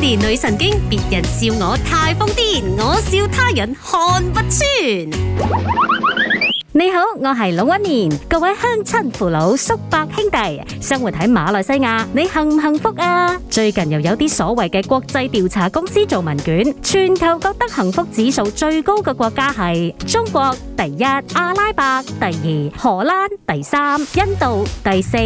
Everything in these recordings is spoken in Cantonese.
女神經，別人笑我太瘋癲，我笑他人看不穿。你好，我係老一年，各位鄉親父老、叔伯兄弟，生活喺馬來西亞，你幸唔幸福啊？最近又有啲所謂嘅國際調查公司做問卷，全球覺得幸福指數最高嘅國家係中國第一，阿拉伯第二，荷蘭第三，印度第四。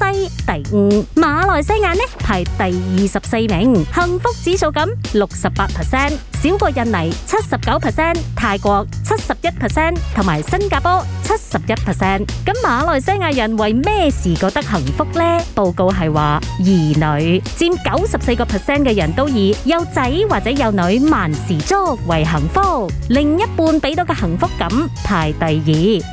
西第五，馬來西亞呢排第二十四名，幸福指數噉六十八 percent，少過印尼七十九 percent，泰國七十一 percent，同埋新加坡。七十一 percent，咁馬來西亞人為咩事覺得幸福呢？報告係話兒女佔九十四個 percent 嘅人都以有仔或者有女萬事足為幸福，另一半俾到嘅幸福感排第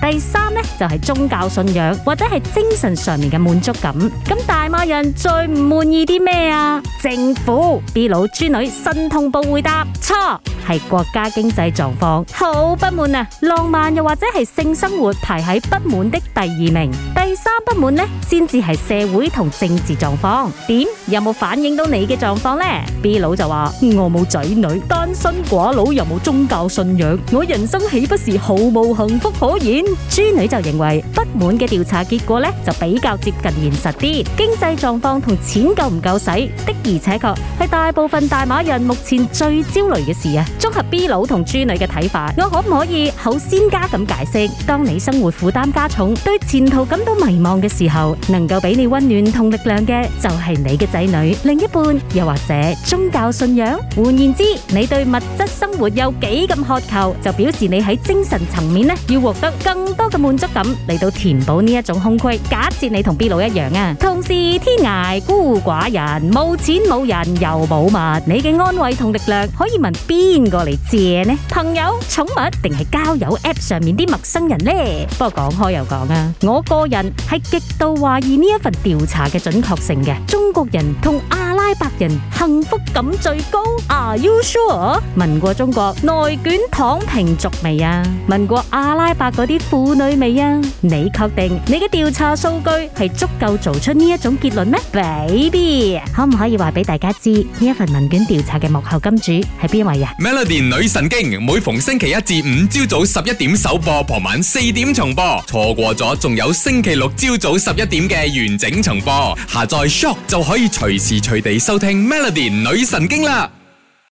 二，第三呢，就係宗教信仰或者係精神上面嘅滿足感。咁大馬人最唔滿意啲咩啊？政府 B 老豬女新同步回答錯。係國家經濟狀況好不滿啊，浪漫又或者係性生活排喺不滿的第二名，第三不滿呢先至係社會同政治狀況。點？有冇反映到你嘅狀況呢？B 佬就話我冇仔女，單身寡佬又冇宗教信仰，我人生豈不是毫無幸福可言？豬女就認為不滿嘅調查結果呢就比較接近現實啲，經濟狀況同錢夠唔夠使，的而且確係大部分大馬人目前最焦慮嘅事啊！綜合 B 佬同豬女嘅睇法，我可唔可以好先加咁解釋？當你生活負擔加重，對前途感到迷茫嘅時候，能夠俾你溫暖同力量嘅就係、是、你嘅仔女、另一半，又或者宗教信仰。換言之，你對物質生活有幾咁渴求，就表示你喺精神層面呢要獲得更多嘅滿足感嚟到填補呢一種空虛。假設你同 B 佬一樣啊，同時天涯孤寡，寡人，冇錢冇人又冇物，你嘅安慰同力量可以問邊？過嚟借咧，朋友、寵物定係交友 App 上面啲陌生人咧？ 不過講開又講啊，我個人係極度懷疑呢一份調查嘅準確性嘅，中國人同。阿拉伯人幸福感最高？Are you sure？問過中國內捲躺平族未啊？問過阿拉伯嗰啲婦女未啊？你確定你嘅調查數據係足夠做出呢一種結論咩？Baby，可唔可以話俾大家知呢一份問卷調查嘅幕後金主係邊位啊？Melody 女神經每逢星期一至五朝早十一點首播，傍晚四點重播，錯過咗仲有星期六朝早十一點嘅完整重播，下載 Shock 就可以隨時隨地。收聽 Melody 女神經啦。